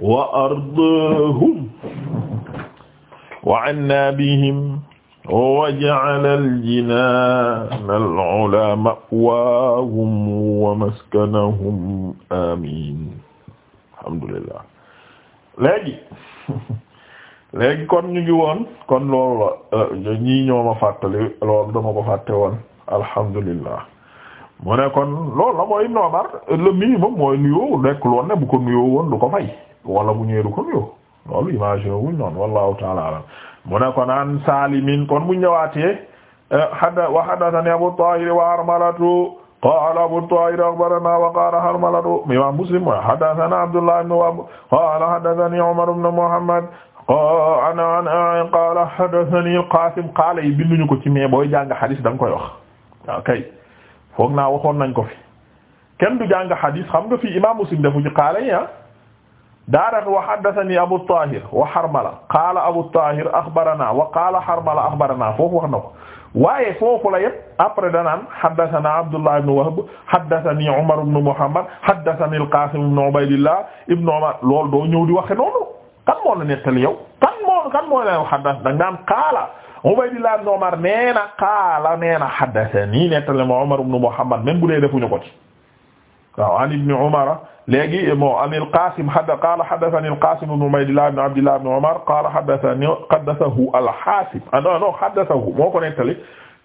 wa ardaahum wa anna bihim wa ja'ala al-jinaana al-'ulaa ma'waahum wa maskanahum amiin alhamdulillah léegi léegi kon ñu ngi kon loolu la euh, ñii ñoo ma fàttali loolu dama ko fàtte woon alhamdulillah mu ne kon loolu la mooy Ibn Umar le minimum mooy nuyoo nekk loon ne bu ko nuyoo ko fay wala bu ñëwee du ko nuyoo loolu imagine wuñ noonu wallahu taala alam mu ne kon an kon bu ñëwaatee eh, hadda wa abu armalatu qala abu armalatu imam muslim wa haddathana abdullah ibn wahb qala haddathani al yi binduñu ko ci mais booy da nga koy wax waaw kay foog naa waxoon nañ ko fi kenn du jàng hadis xam nga fii imam muslim defu ci qala yi ah daarat wa haddathani Abu Tahir wa Harmala qaala Abu Tahir akhbarana wa qaala Harmala akhbarana foofu wax na ko waaye foofu la yëpp après danaan haddathana Abdullah ibn Wahb haddathani Umar ibn Muhammad haddathani al-Qasim ibn Ubaydillah ibn Umar loolu doo ñëw di waxe noonu kan moo la nettali yow kan moo kan moo la haddath da nga naan qaala Ubaydillah ibn Umar nee na qaala nee na haddathani nettali ma Umar ibn Muhammad même bu dee defuñu ko ci waaw an ibni umara léegi moo an al-Qaasim hada qaala hadathani al-Qaasim ibn Ubaydillah ibn Abdillah ibn Umar qaala hadathani haddathahu al-Haasim ano ah, non haddathahu moo ko nettali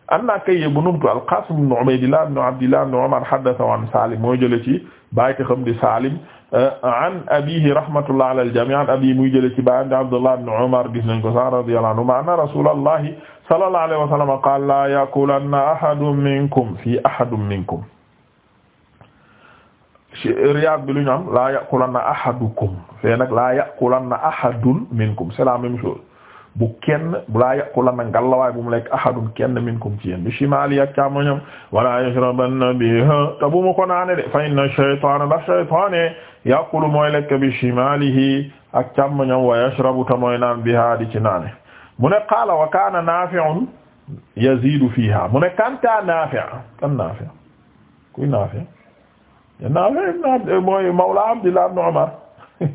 an naa kay bu numtu al-Qaasim ibn Ubaydillah ibn Abdillah ibn Umar haddathahu an Saalim moo jële ci bàyyi xam di Saalim eh, an abiihi rahmatullah ala al-jamii' an abiihi muy jële ci bàyyi Abdullah ibn Umar gis nañ ko sax radiyallahu anhuma anna rasuulallahi sallallahu alayhi wa sallam qaala laa yakulanna ahadun minkum fii ahadin minkum Riyad bi lu ñu am laa yaqulanna ahadukum fee nag laa yaqulanna ahadun la même chose bu bu laa yaqulanna ngalawaay minkum ci yéen bi shimaali ak càmmoñam wala yashrabanna biha te bu mu ko de fa inna shaytaana ndax shaytaane yaqulu mooy bi shimaalihi ak càmmoñam wa yashrabu ta mooy naan biha di ci naane mu ne qaala wa kaana naafi'un yaziidu fiiha mu ne kanta naafi' kan naafi' kuy naafi' naafe eh, mooy mawla Abdullah ibn Umar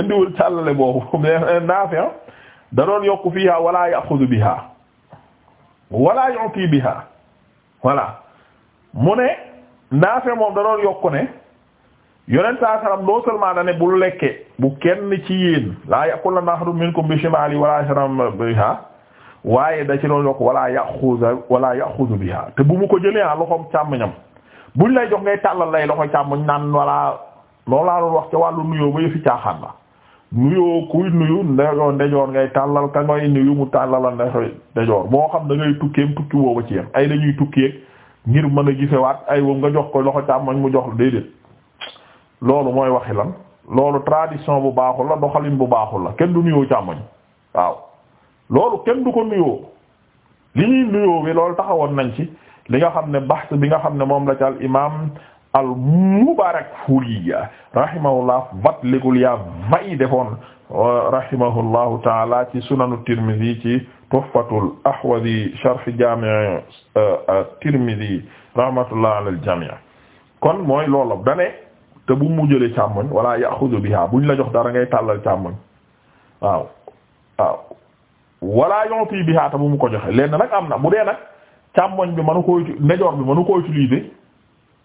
indiwul càllale boobu eh, naafe ah, da doon yokku fiha wala yaxudu biha wala yu'ti biha voilà mu ne naafe moom da doon yokku ne yonent saa salam non seulement da ne bu lekke bu kenn ci yéen laa yakul la nahru minkum bi shimali wala sharam biha waaye da ci doon yokku wala yaxudu wala yaxudu biha te bu mu ko jëlee a ah, loxoom càmmoñam buñ lay jox ngay tàllal lay loxo càmmoñ naan walla loolu laa doon wax ca wàllu nuyoo ba yëfi caaxaan la nuyoo kuy nuyu ndeyoo ndejoor ngay tàllal ka ngay nuyu mu tàllal ndejoor ndejoor moo xam da ngay tukkeem tukki boobu ci yam ay dañuy tukkeeg ngir mën a gisewaat ay wom nga jox ko loxo càmmoñ mu jox déedéet loolu mooy waxi lan loolu tradition bu baaxul la doxalin bu baaxul la kenn du nuyoo càmmoñ waaw loolu kenn du ko nuyoo li ñuy nuyoo bi loolu taxawoon nañ ci li nga xam ne bahth bi nga xam ne moom la ci al imam al Mubarakfuri rahimahullah vatligul yaa vayi defoon rahimahullahu taala ci sunanu Tirmidhi ci tuhfatul ahwazi sharh jami' Tirmidhi rahmatullah ala al jami' kon mooy loola dane te bu mu jëlee càmmoñ wala yaxudu biha buñ la jox dara ngay tàllal càmmoñ waaw waaw wala biha te bu ko joxe lenn nag am na bu dee nag càmmoñ bi mënu ko ndejoor bi mënu ko utiliser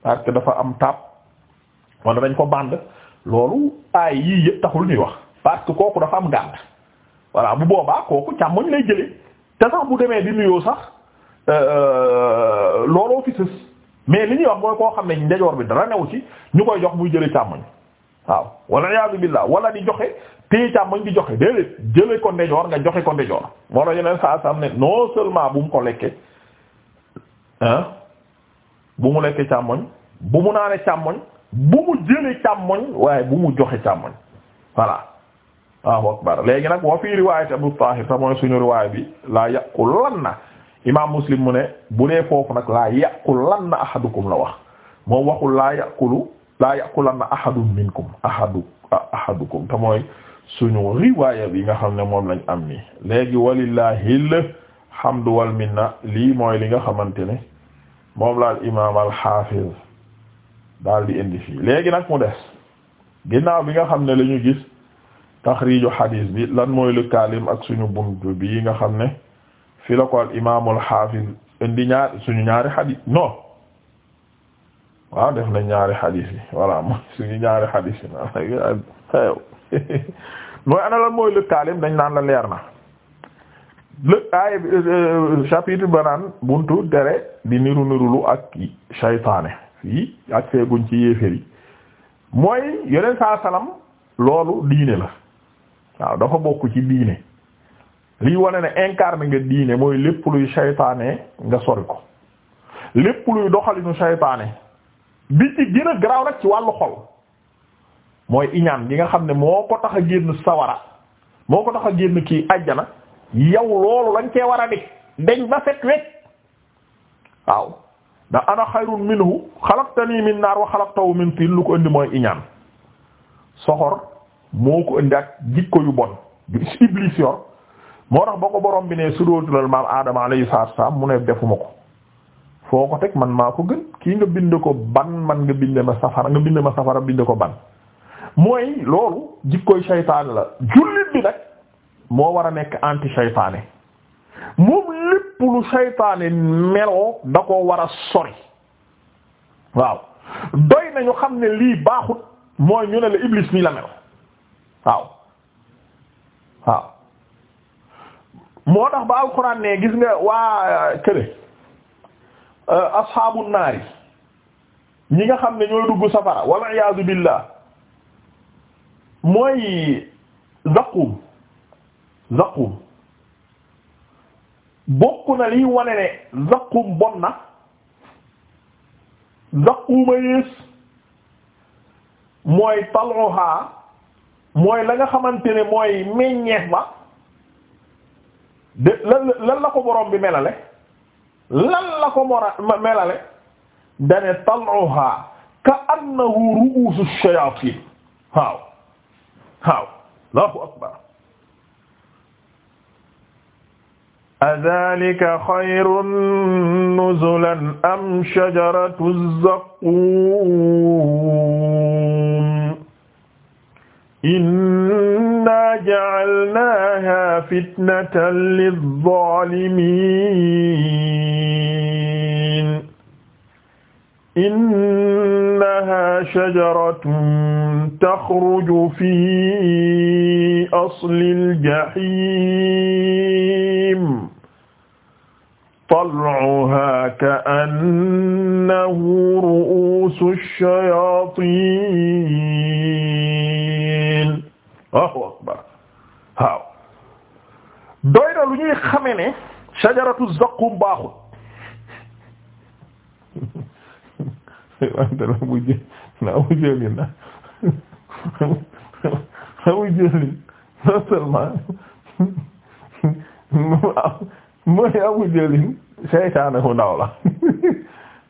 parce que dafa am taab wala dañ ko bànd loolu aay yii yëpp taxul ñuy wax parce que kooku dafa am gànd voilà bu boobaa kooku càmmoñ lay jële te sax bu demee di nuyoo sax euh, euh, looloo fi sës mais li ñuy wax mooy koo xam ne ndejoor bi dara new ci ñu koy jox muy jëlee càmmoñ waaw wala yaasu billaah wala di joxe téye càmmoñ di joxe déedéet jëlee ko ndejoor nga joxe ko ndejoor moo la yeneen saa sam ne non seulement bu mu ko ah bu mu lekk càmmoñ bu mu naane càmmoñ bu mu jële càmmoñ waaye bu mu joxe càmmoñ voilà waaw akbar léegi nag wa fii riwaayat Abu Tahir ta suñu riwaay bi laa yaqulanna imaam Muslim mu ne bu dee foofu nag laa yaqulanna ahadukum la wax moom waxul laa yaqulu laa yaqulanna ahadun minkum ahadu ahadukum te suñu riwaaya bi nga xam ne moom lañ am ni léegi walillahil hamdu wal minna lii mooy li nga xamante ne moom la al imaam al xaafiz daal di indi fii léegi nag mu des ginnaaw bi nga xam ne la ñu gis taxriiju xadiis bi lan mooy lu kaalim ak suñu buntu bii nga xam ne fi la ko al imaam xaafiz indi ñaar suñu ñaari xadiis non waaw def na ñaari xadiis yi voilà mooy suñu ñaari xadiis yi mooy ana lan naan la leer na. le ay euh, euh, chapitre banaan buntu tere di niru nirulu ak shaytaane fii ak seeguñ ci yéeféer yi mooy yeneen saa salam loolu diine la waaw dafa bokk ci diine lii wane ne incarné nga diine mooy lépp luy shaytaane nga sori ko lépp luy doxalinu shaytaane bi ci gën a garaaw nag ci wàllu xol mooy iñaan gi nga xam ne moo ko tax a génn sawara moo ko tax a génn ki ajjana yow loolu lañ cee war a di dañ ba set wecc waaw ndax ana xayrun minhu xalaqtani min naar wa xalaqtahu min tiin lu ko indi mooy iñaan soxor moo ko indi ak jikko yu bon iblis yor moo tax ba ko borom bi ne sudóotulal maam aadama alayhi salaatu salaam mu ne defuma ko foo ko teg man maa ko gën kii nga bind ko ban man nga bind ma safara nga bind ma safara bind ko ban mooy loolu jikkoy seytaane la jullit bi nag moo war a nekk anti saytaane moom lépp lu saytaane meloo da ko war a sori waaw doy nañu xam ne lii baaxut mooy ñu ne la iblis nii la mel waaw waaw moo tax ba alxuraan ne gis nga waa euh, kële euh, asxaabu naari ñi nga xam ne ñooy dugg safara wal iyaadu billah mooy zaqum zaqum bokk na liy wane ne zaqum bon na zaquma yées mooy tal'uha mooy la nga xamante ne mooy meññeef ba de lan lan la ko borom bi melale lan la ko mora melale dane tal'uha ka annahu ru'usu shayatin waaw waaw allahu akbar adhalika xayrun nuzulan am shajaratu zaqum inna ja'alnaha fitnatan lizalimin innaha shajaratun taxruju fi aslil jahiim طلعها كأنه رؤوس الشياطين Allahu akbar waaw doy na lu ñuy xame ne shajaratu zaqum baaxul wante la bu jël la bu jëlin la bu non seulement mooy abu jëlin seytaane bu ndaw la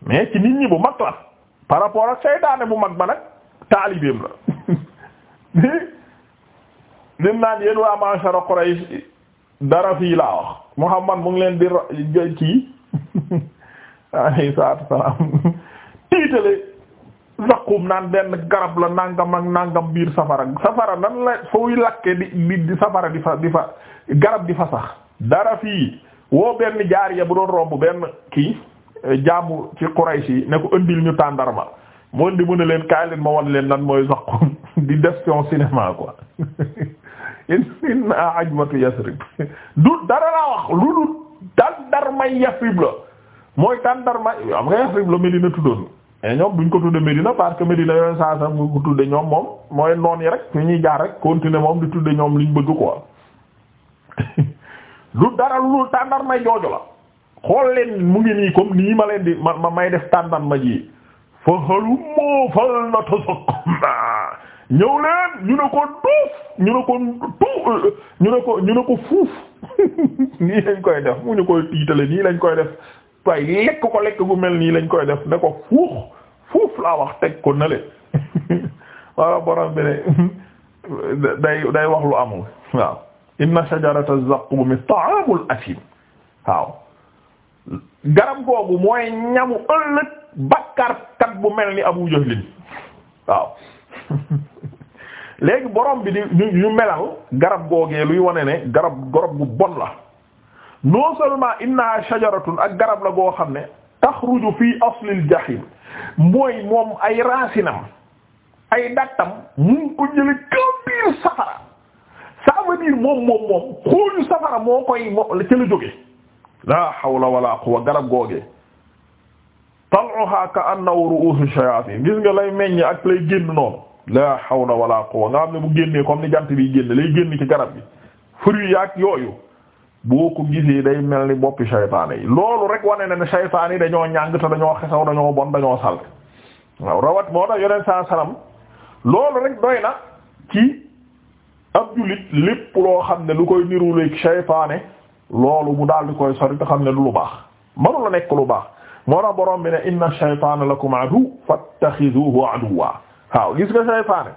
mais ci nit ñi bu mag la par rapport ak seytaane bu mag ba nag taalibeem la di lim naan yéen waa ma'shara Quraysh dara fii laa wax Muhammad mu ngi leen di ra- kii alayhi salaatu wa salaam tiitale zaqum naan benn garab la nangam ak nangam biir safara safara nan la fooy lakke di di safara di fa di fa garab di fa sax dara fii woo benn jaariya bu doon romb benn kii eh, jaamu ci Qurayshi ne ko ëndil ñu tàndarma mu ëndi mu ne leen kaay leen ma wan leen nan mooy zaqum di destion cinéma quoi inna ajmatu Yasrib du dara laa wax lu dul tàndarmay Yasrib la mooy tàndarmay am nga Yasrib la Medina tuddoon mais ñoom duñ ko tudde Medina parce que Medina yooyu saa saa mu ko tudde ñoom moom mooy noon yi rek fi ñuy jaar rek continuer moom di tudde ñoom liñ bëgg quoi lu dara lu tàndar may jooju la xool leen mu ngi nii comme nii ma leen di ma ma may def tàndar ma ji fa xalumoo fal na tasakomba ñëw leen ñu ne ko duuf ñu ne ko tu ñu ne ko ñu ne ko fuuf nii lañ koy def mu ñu koy tiitale nii lañ koy def waaye lekk ko lekk gu mel nii lañ koy def ne ko fuux fuuf laa wax teg ko nale wala borom bi ne day day wax lu amul waaw inna shajarata az-zaqum ta'amul asim waaw garab googu mooy ñamu ëllëg bakkarkat bu mel ni abu jahlin waaw léegi borom bi di ñu melal garab googee luy wane ne garab garab gu bon la non seulement innaha shajaratun ak garab la goo xam ne taxruju fii aslil jahim mooy moom ay raasinam ay dattam mu ngi ko jële biir safara ça veut dire moom moom moom xooju safara moo koy moo ca la jóge la hawla wala quwwa garab googee tal'uha ka'annahu ru'usu shayatin gis nga lay meññ ak lay génn noonu la hawla wala quwwa nga xam ne bu génnee comme ni jant bi génn lay génn ci garab bi fruit yooyu boo ko gisee day mel ni boppi saytaane yi loolu rek wane na ne saytaane yi dañoo ñàng te dañoo xesaw dañoo bon dañoo sal waaw rawat moo tax yoneen saa salam loolu rek doy na ci ab jullit lépp loo xam ne lu koy niruleeg saytaane loolu mu daal di xam ne du lu baax mënu nekk lu baax moo tax borom bi ne inna shaytaana lakum adu fattaxiduhu aduwwa waaw gis nga saytaane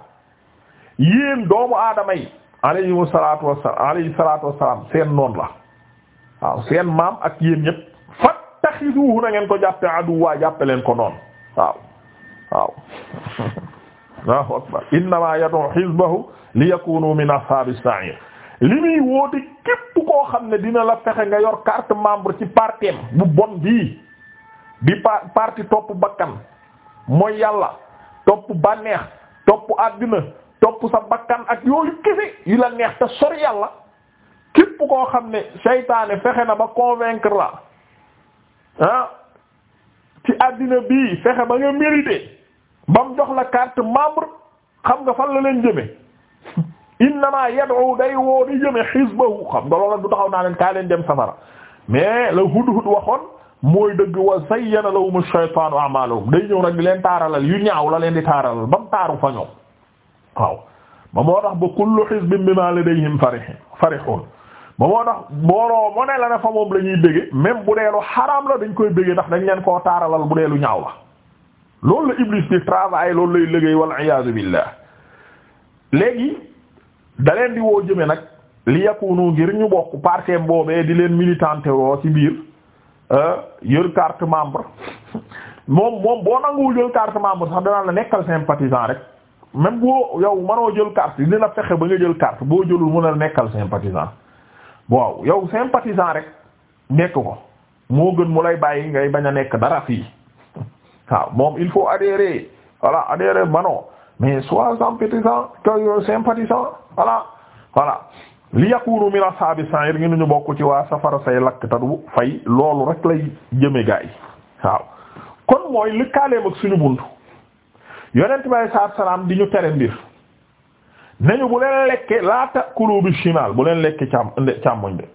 yéen doomu aadama yi alayhi salaatu wassalaam alayhi salaatu wassalaam seen noon la waaw seen maam ak yéen ñëpp fattaxiduhu na ngeen ko jàppe aduwwa jàppe leen ko noon waaw waaw Allahu akbar innama yad'u hizbahu liyakunu min ashabis sa'ir li muy woote képp koo xam ne dina la fexe nga yor carte membre ci partem bu bon bii di pa parti topp bakkan mooy yàlla topp bànneex topp àddina topp sa bakkan ak yooyu kisi yi la neex te sor yàlla képp koo xam ne seytaane fexe na ba convaincre la ah ci àddina bi fexe ba nga mérité ba mu jox la carte membre xam nga fan la leen jëme innama yad'u day woo di jëme hizbahu xam nga loola du taxaw naa leen kaa leen dem safara mais la hudhud waxoon mooy dëgg wa zayyana lahum ash-shaytanu a'malahum day ñëw nag di leen taaralal yu ñaaw la leen di taaralal ba mu taaru fa ñoom waaw ba moo tax ba kullu hizbin bima ladayhim farihun farihun ba moo tax booloo mu ne la ne fa moom la ñuy bëgge même bu dee lu la dañ koy bëgge ndax dañ leen koo taaralal bu dee ñaaw la loolu la iblis di travail loolu lay liggéey wal iyaadu billah léegi daleen di woo jëme nag li yakunu ngir ñu bokk parti boobee di leen militante woo ci biir yor euh, carte membre moom moom boo nanguwul yor carte membre sax danaa la nekkal sympathisant rek même boo yow manoo jël carte dina fexe ba nga jël carte boo jëlul mën a nekkal sympathisant waaw yow sympathisant rek nekk ko moo gën mu lay bàyyi ngay bañ a nekk dara fii waaw moom il faut adhérer voilà adhérer manoo mais soit sympathisant que sympathisant voilà voilà li yakunu min ashabi sa'ir ngi ñu bokk ci waa safara say lakk tadu fay loolu rek lay jëme gaay waaw kon mooy lëkkaaleem ak suñu buntu yonent bi alayhi salaatu salaam di ñu tere mbir nañu bu leen lekke laa ta'kulu bi shimaal bu leen lekke càmm càmmoñ de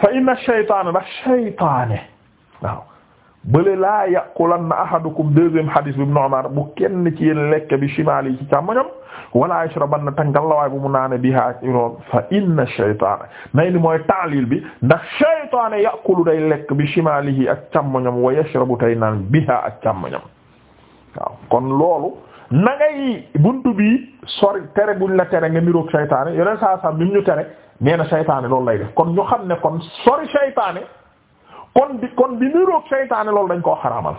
fa inna a ndax shaytaane waaw bële laa ya'kulanna bi Ibn Umar bu kenn ci yéen lekke bi shimaal yi ci càmmoñam wala yashrabanna tàngalawaay bu mu naane bihaa fa inna shaytaana nay ni mooy ta'lil bi ndax shaytaane ya'kulu day lekk bi shimaalihi ak càmmoñam wa yashrabu tay naan bihaa ak càmmoñam kon loolu na ngay bi sori tere buñ la tere nga niroog saytaane yeneen saa saa bi ñu tere nee na saytaane loolu lay def kon ñu xam ne kon sori saytaane kon di kon bi niroog saytaane loolu dañ koo xaraamal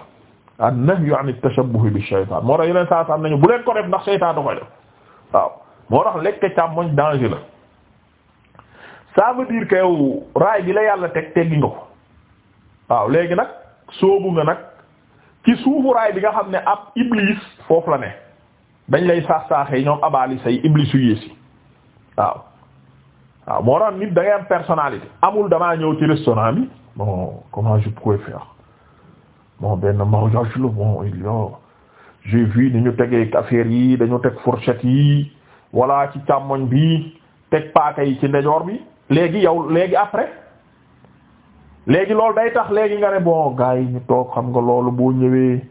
an-nahyu an at-tashabbuh bi saytaan moo tax yeneen saa saa nañu bu leen ko def ndax saytaan da koy def waaw moo tax lekk càmmoñ danger la ça veut dire que raay bi la yàlla teg teggi nga ko waaw léegi nag soobu nga nag. ci suufu raay bi nga xam ne ab iblis foofu la ne dañ lay saax yi ñoom abaali say iblis yu yées waaw waaw moo tax nit da am personnalité amul damaa ñëw ci restaurant bi bon comment je pourrais faire bon benn mariage la bon il y a j'ai ni ñu tegee affaire yi dañu teg fourchette yi voilà ci càmmoñ bi teg paaka yi ci ndejoor bi léegi yow léegi après. léegi loolu day tax léegi nga ne bon gars yi ñu toog xam nga loolu boo ñëwee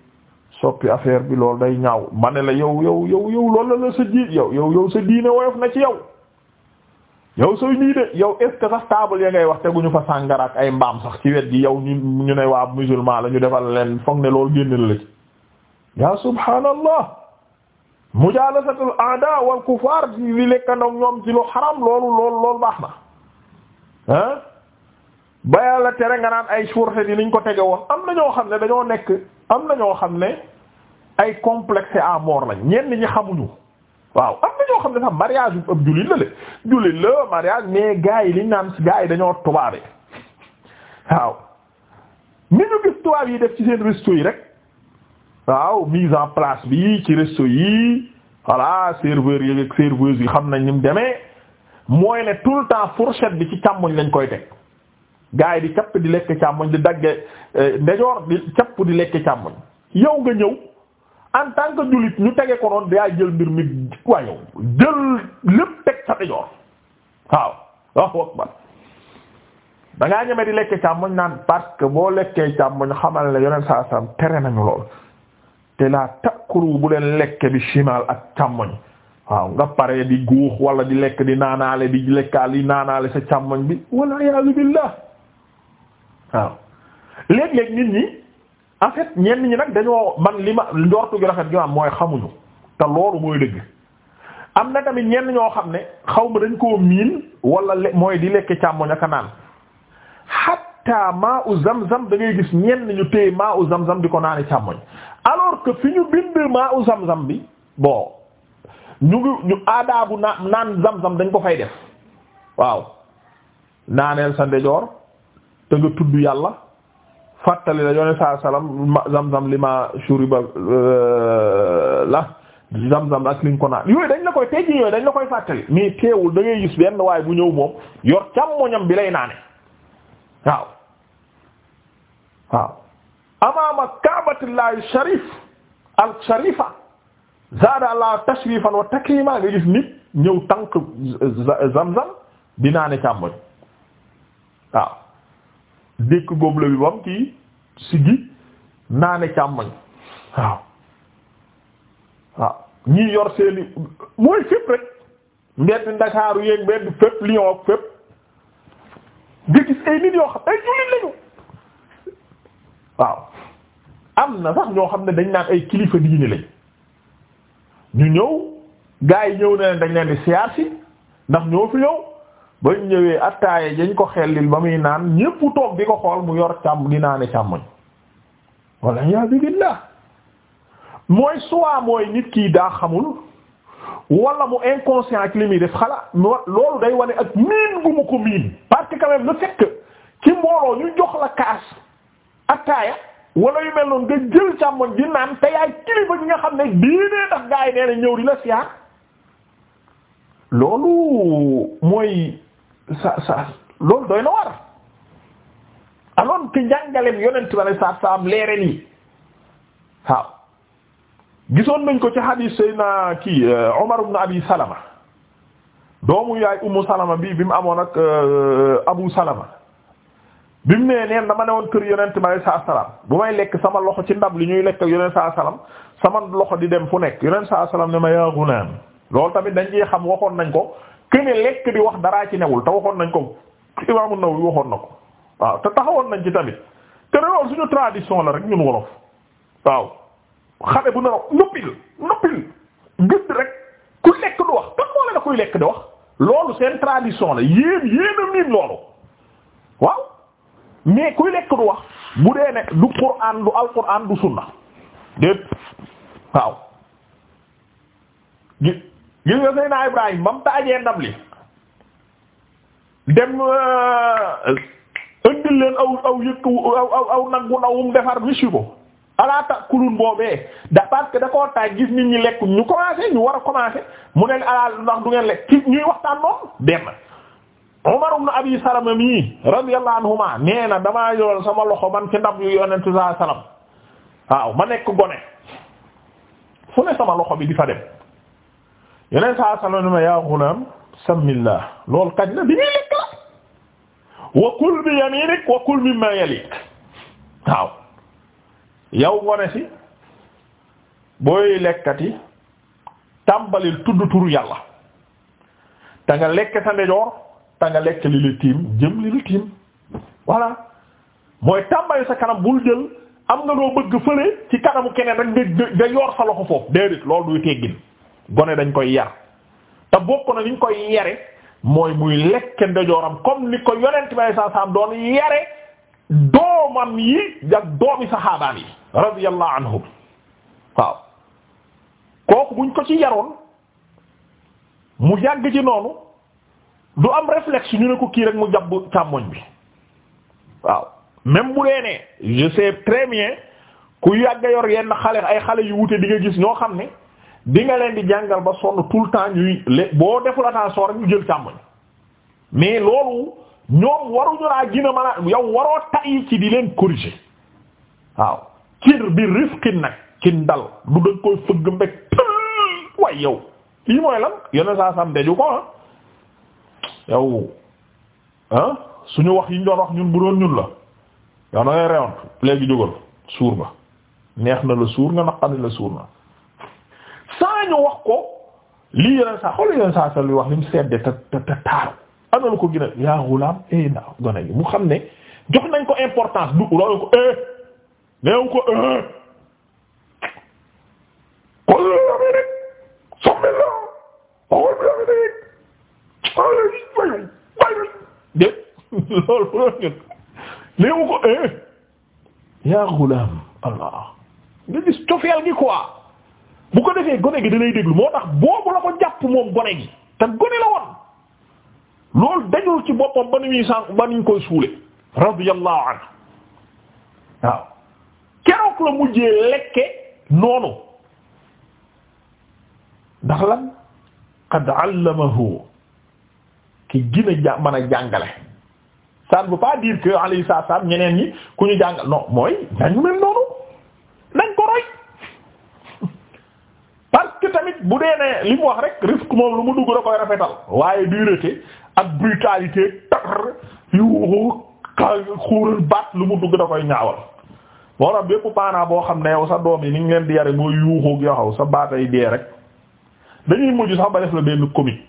soppi affaire bi loolu day ñaaw ma ne la yow yow yow yow loolu la la sa ji yow yow yow sa diine woyof na ci yow yow sooy nii de yow est que sax table ya ngay wax teguñu fa sàngara ay mbaam sax ci wet gi yow ñu ñu ne waa musulman la ñu defal leen foog ne loolu génn la ci ya subhanallah mujaalasatul a'da wal kufaar di lekkandoo ñoom ci lu xaram loolu loolu loolu baax na ah ba yàlla tere nga naan ay surfe di niñ ko tege woon am na ñoo xam ne dañoo nekk am na ñoo xam ne ay complexe à mort lañ ñenn ñi xamuñu waaw am na ñoo xam ne sax mariage bu ëpp jullit la le jullit la mariage mais gars yi liñ naan gars yi dañoo tubaabe waaw ni ñu gis tubaab yi def ci seen resto yi rek waaw mise en place bi ci resto yi voilà serveurs yi ak serveuses yi xam nañ ni mu mooy ne tout le temps fourchette bi ci càmmoñ lañ koy teg gaa yi di capp di lekk càmmoñ di dagge eh, ndejoor di capp di lekk càmmoñ yow nga ñëw en tant que ñu tege ko noonu jël mbir mi waa yow jël lépp teg sa ndejoor waaw waaw akbar ñeme di lekke càmmoñ naan parce que boo lekkee càmmoñ xamal ne yoneen saa saam tere nañu lool te laa takkuru bu leen lekk bi chimal ak càmmoñ waaw nga pare di guux wala di lekk di naanaale di lekkaal di naanaale sa càmmoñ bi wala iyaazu billah waaw léeg-léeg nit ñi en fait ñenn ñi nag dañoo man li ma njortu gi rafet gi am mooy xamuñu te loolu mooy dëgg am na tamit ñenn ñoo xam ne xaw ma dañ koo miin wala mooy di lekk càmmoñ ak naan hatta maa'u zamzam da ngay gis ñenn ñu téye maa'u zamzam di ko naani càmmoñ alors que fi ñu bind maa'u zamzam bi bon ñu ngi ñu aadaabu naan zamzam dañ ko fay def waaw naaneel sa ndejoor te nga tudd yàlla fàttali la yone saa salaam zamzam li ma shuriba euh, la zamzam ak li ko naan yooyu dañ la koy teggi yooyu dañ la koy fàttali mais teewul da ngay gis benn waaye bu ñëw moom yor càmmoñam bi lay naane waaw amaama kaabatillahi sharif al sharifa zaada allah tashrifan wa takrima nga gis nit ñëw tànk zamzam di naane càmmoñ waaw dékk góob la bi bam kii siggi naane càmmoñ waaw waaw ñii yor seeni mooy fépp rek mbedd ndakaaru yéeg mbedd fépp Lyon ak fépp nga gis ay nit yoo xam ay jullit lañu waaw am na sax ñoo xam ne dañ naan ay kilifa diine lañ ñu ñëw gaa yi ñëw na leen dañ leen di siyaar si ndax ñoo fi ñëw ba ñëwee attaaye dañ ko xellil ba muy naan ñépp toog di ko xool mu yor càmm di naane càmmoñ walla yaa billah mooy soit mooy nit kii daa xamul wala mu inconscient ci li muy def xala loolu day wane ak miin gu mu ko miin parce que quand même le fait que ci mbooloo ñu jox la kaas attaaya wala yu mel noonu nga jël càmmoñ di naan te yaay kilifa ñi nga xam ne diinee tax gaa yi nee na ñëw di la siyaar loolu mooy sa sa loolu doy na war alors que njàngaleem yonent bi saa saa am leere nii waaw gisoon nañ ko ci hadith Seyna kii eh, Omar ibn Abi Salama doomu yaay Ummu Salama bi bi mu amoon ak eh, Abu Salama bi mu nee neen dama ne woon kër yonent bi saa salaam bu may lekk sama loxo ci ndab li ñuy lekk ak yonent saa salaam sama loxo di dem fu nekk yonent saa salaam ne ma yaa ghulam loolu tamit dañ ciy xam waxoon nañ ko kene lekk di wax daraa ci newul te waxoon nañ ko Imam naw nawawi waxoon na ko waaw te taxawoon nañ ci tamit te loolu suñu tradition la rek ñun wolof waaw xale bu naraw noppil noppil gëdd rek ku lekk du wax kan moo la kuy lekk di wax loolu seen tradition la yéen yéen a miin loolu waaw mais kuy lekk du wax bu dee ne du Qur'an du al-Qur'an du sunna déet waaw gis nga Seydina Ibrahim ba mu taajee ndab li dem ëndil euh, leen aw aw yëkk aw aw aw nag wu nawum defar riche ko alaata kulun boobee da parce da koo taaj gis nit ñi lekk ñu commencé ñu war a commencé mu ne alaal ndax du ngeen lekk ki ñuy waxtaan noonu benn Umar ibn Abi Salama mii radiyallahu anhuma nee na damaa yool sama loxo man ci ndab yu yonent sa salam waaw ma nekk gone fu ne sama loxo bi di fa dem yeneen saa sala ni ma yaa ghulam samillah loolu kañ la bi ñuy lekk la wa kul bi yaminik wa kul mimma yalik waaw yow ngone si booy lekkati tàmbalil tudd turu yàlla te nga lekk sa ndejoor te nga lekk li tiim jëm li tiim voilà mooy tàmbali sa kanam bul jël am nga doo bëgg fële ci kanamu keneen rek nga nga yor sa loxo foofu déedéet loolu duy teggin gone dañ koy yar te bokk na niñ koy yare mooy muy lekke ndejooram comme ni ko yonent bi saa saam doon yare doomam yi ak doomi saxaabaan yi radiyallahu anhum waaw kooku buñ ko ci yaroon mu yàgg ci noonu du am réflexe ñu ne ko kii rek mu jàpp càmmoñ bi waaw même bu dee ne je sais très ku yàgg yor yenn xale ay xale yu wute di nga gis ñoo xam ne dinga leen di jàngal ba sonn tout le ñuy lé boo deful attention a ñu jël càmmoñ mais loolu ñoom waruñu laa gina mën a yow waroo tay ci di leen corriger waaw cir bi rifqin nag ci ndal du dañ koy fëgg mbeg tël way yow lii mooy lan yone saa sam deju ko ah yow ah suñu wax yiñ ñu doon wax ñun bu doon ñun la yow na léegi jógal suur ba neex na la suur nga naqani la suur na saa ñu wax ko lii yeneen saa xoolal saa sa wax li mu sedde te te te taaru lu ko gën a yaa gulaam eh ndax gone gi mu xam ne jox nañ ko importance du loolu ko eh néew ko eh. yaa gulaam allah nga gis cofeel gi quoi. bu ko defee gone gi danay déglu moo tax boobu la ko jàpp moom gone gi te gone la woon loolu dañul ci boppam ba nu ñuy sànq ba nuñ koy suule radiyallahu anhu waaw keroog la mujjee lekke noonu ndax lan qad allamahu ki gën a a jàngale ça ne veut pas dire que alayhi salaam ñeneen ñi ku ñu jàngal non mooy dañu mel noonu nañ ko roy dëgg tamit bu dee ne li wax rek risque moom lu mu dugg da koy rafetal waaye dureté ak brutalité tar yu xuural baat lu mu dugg da koy ñaawal moo tax bépp paanaa boo xam ne yow sa doom yi ni ñu leen di yare mooy yuuxóog yoxaw sa baatay dee rek dañuy mujj sax ba def la benn comique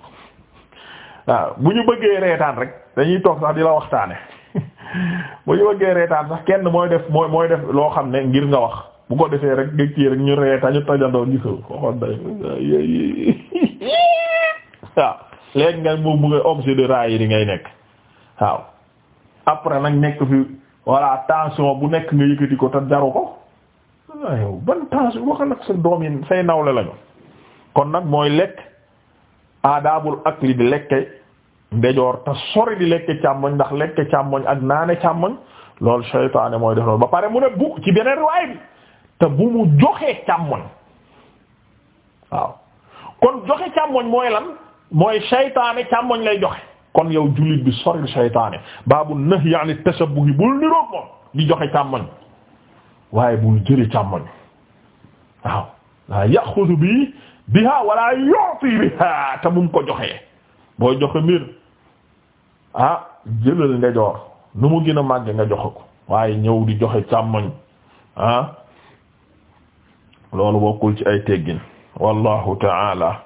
waaw bu ñu bëggee reetaan rek dañuy toog sax di waxtaane bu ñu bëggee reetaan sax kenn mooy def mooy mooy def loo xam ne ngir nga wax bu ko defee rek nga kii rek ñu ree tañu tajandoo gisoo waxoon day mm. waaw nga moom yi di ngay nekk waaw après nag nekk fi voilà tension bu nekk nga yëkkati ko te jaru ko aywa ban tension waxal ak sa doom yi say nawle lañu kon nag mooy lekk aadaabul lii di lekke ndejoor te sori di lekke càmmoñ ndax lekke càmmoñ ak naane càmmoñ loolu seytaane mooy def loolu ba pare mu ne bu ci beneen riwaay te bu mu joxee càmmoñ waaw kon joxe càmmoñ mooy lan mooy saytaane càmmoñ lay joxe kon yow jullit bi soril saytaane baabu nahyi ani tashabbuhi bul niroog moom di joxe càmmoñ waaye bul jëri càmmoñ waaw laa yaxudu bi biha wala yu'ti biha te bu mu ko joxee booy joxe mbir ah jëlal ndejoor nu mu gën a màgg nga joxe ko waaye ñëw di joxe càmmoñ ah, loolu bokkul ci ay teggin wallahu taala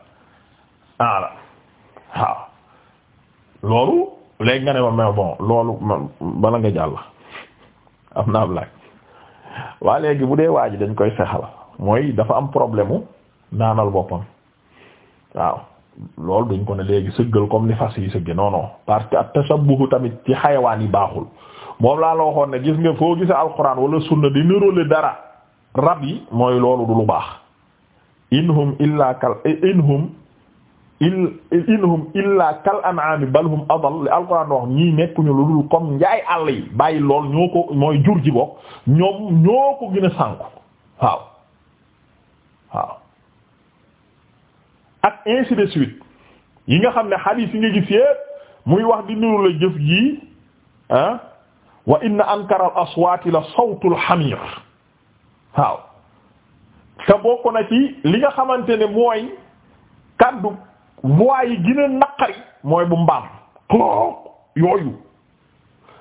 alam waaw loolu léegi nga ne ma mais bon loolu bala nga jàll am na am laaj waa léegi bu dee waa ji dañ koy sexal mooy dafa am problème mu naanal boppam waaw loolu duñ ko ne léegi sëggal comme ni fas yi sëgge non non parce que tashabbuhu tamit ci xayawaan yi baaxul moom laa la waxoon ne gis nga foo gisa alxuraan wala sunna di niróle dara rab yi mooy loolu du lu baax inhum illaa kal inhum inhum illaa kal an'ami bal hum adal li alquran wax ñii nekkuñu lu dul comme njaay àll yi bàyyi lool ñoo ko mooy jur ji bokk ñoom ñoo ko gën a sànku waaw waaw ak ainsi de suite yi nga xam ne xadiis yi nga gis yépp muy wax di niru la jëf jii ah, wa inna ankara al aswaati la sawtu al waaw te bokk na ci li nga xamante ne mooy kàddu voix yi gën a naqari mooy bu mbaam xloo yooyu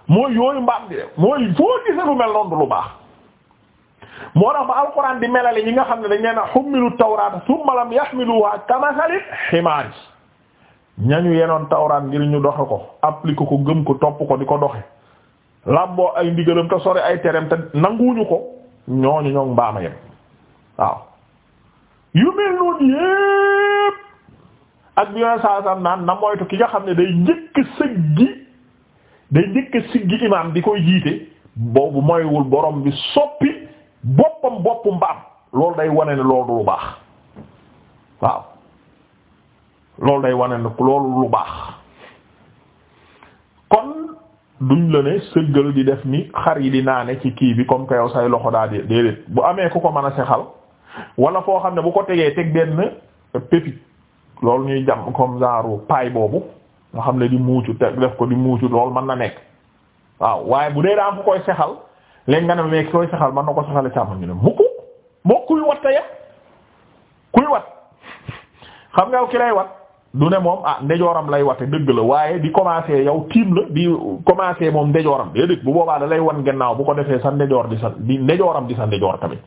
mooy yooyu mbaam di def mooy foo gise lu mel noonu lu baax moo tax ba alquran di melale ñi nga xam ne dañ nee na xummilu tawrata summa lam yaxmiluha kamasalin ximaari ñañu yenoon tawraat ngir ñu doxe ko appliquer ko gëm ko topp ko di ko doxe làmboo ay ndigalam te sori ay terem te nanguwuñu ko ñooñu ñoom mbaama yem waaw yu mel noonu yépp ak bi yoneen saa naan na moytu ki nga xam ne day njëkk sëggi day njëkk siggi imaam di koy jiite boobu moywul boroom bi soppi boppam boppu mbaam loolu day wane ne loolu lu baax waaw loolu day wane ne loolu lu baax kon duñ la ne sëggal di def ni xar yi di naane ci kii bi comme que yow say loxo daa déedéet bu amee ku ko mën a sexal wala foo xam ne bu ko tegee teg benn pépite loolu ñuy jam comme genre paay boobu nga xam ne di muucu te def ko di muucu lool mën na nekk waaw waaye bu dee daa am ku koy sexal léegi nga ne meeg koy sexal mën na ko sexale càmm ñu ne mukk moo kuy wat ta kuy wat xam nga ki lay wat du ne moom ah ndejooram lay wate dëgg la waaye di commencer yow tiim la di commencer moom ndejooram déedéet bu boobaa da lay wan gannaaw bu ko defee sa ndejoor di sa di ndejooram di sa ndejoor tamit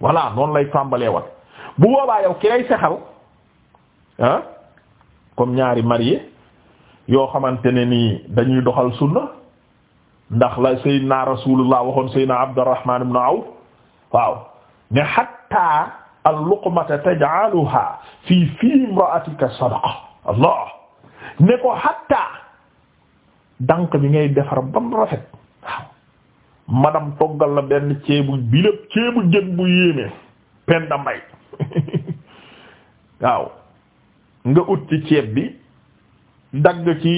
voilà noonu lay tàmbalee wat bu boobaa yow ki lay sexal ah comme ñaari marié yoo xamante ne nii dañuy doxal sunna ndax la sayyidina rasulullah waxoon sayyidina abdurrahman ibn awf waaw ne hatta al-luqmata taj'aluha fii fii imra'atika sadaqa allah ne ko hatta dank bi ngay defar bam rafet waaw madam toggal la benn ceebu bileb ceebu jën bu yéeme penda mbay waaw nga ut ci ceeb bi dagg ci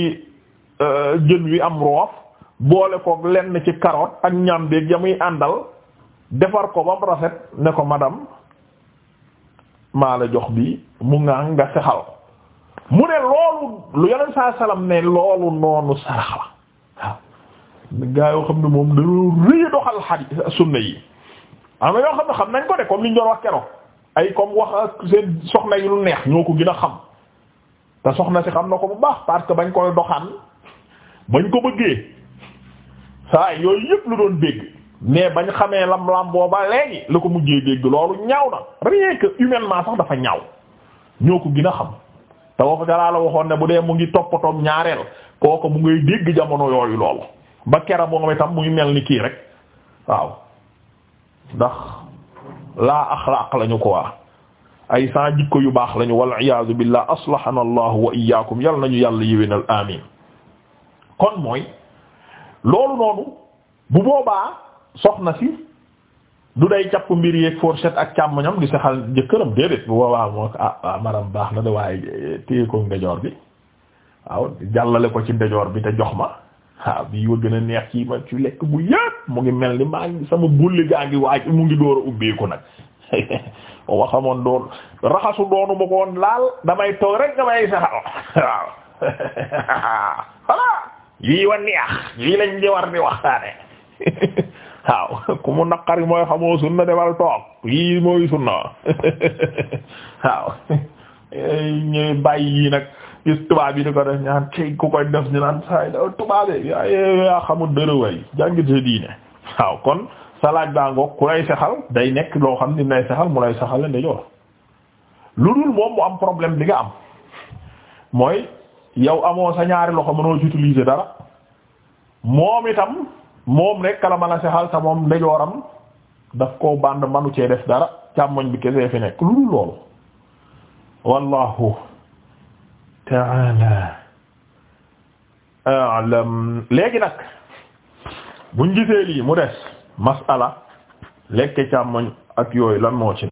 euh, jën wi am roof boole ko lenn ci carotte ak ñam beeg ya muy àndal defar ko bam rafet ne ko madam maa la jox bi mu nga nga sexal mu ne loolu lu yeneen saa salam ne loolu noonu sarax la waaw gaa yoo xam ne moom dañoo rëy doxal xadiis sunna yi am na yoo xam ne xam nañ ko de comme li ñu doon wax keroog ay comme wax seen soxna yu lu neex ñoo ko gën a xam te soxna si xam na ko bu baax parce que bañ koy doxaan bañ ko bëggee saa yooyu yëpp lu doon dégg mais bañ xamee lam lam booba léegi la ko mujjee dégg loolu ñaaw na rien que humainement sax dafa ñaaw ñoo ko gën a xam te wax jalaa la waxoon ne bu dee mu ngi toppatoom ñaareel kooku mu ngay dégg jamono yooyu loolu ba kera moom itam muy mel ni kii rek waaw ndax ko ay saa jikko yu baax lañu wal iyaazu billah aslahana allahu wa iyaakum yal yàlla yiwénal amin kon noonu bu boobaa soxna si du day jàpp mbir yeeg fourchette ak càmmoñam di saxal jëkkëram déedéet bu boobaa moo ah ah baax na de waaye eh, téye ko ndejoor bi waaw jàllale ko ci ndejoor bi te jox ma waaw bii wa gën a neex mu ngi mel ni maa sama bulli gaa ngi waaj mu laal damay toog rek damay saxal yii wa war di waxtaane waaw ku mu naqari mooy xamoo sunna demal toog lii mooy sunna waaw ñuy bàyyi yi nag gis tubaab yi di ko def ñaan ku koy def ñu naan say da tubaabe yaa xamul dërë way jàngit sa diine waaw kon sa laaj baa ngoog ku lay sexal day nekk loo xam ni lay sexal mu lay sexal la ndejoor lu dul moom mu am problème bi nga am mooy yow amoo sa ñaari loxo ma ci utiliser dara moom itam moom rek la mën a saxal te moom ndejooram daf koo bànd manu cee def dara càmmoñ bi kesee fi nekk lu dul loolu wallahu ta'ala léegi nag buñ gisee lii mu des masala lekke càmmoñ ak yooyu lan moo ci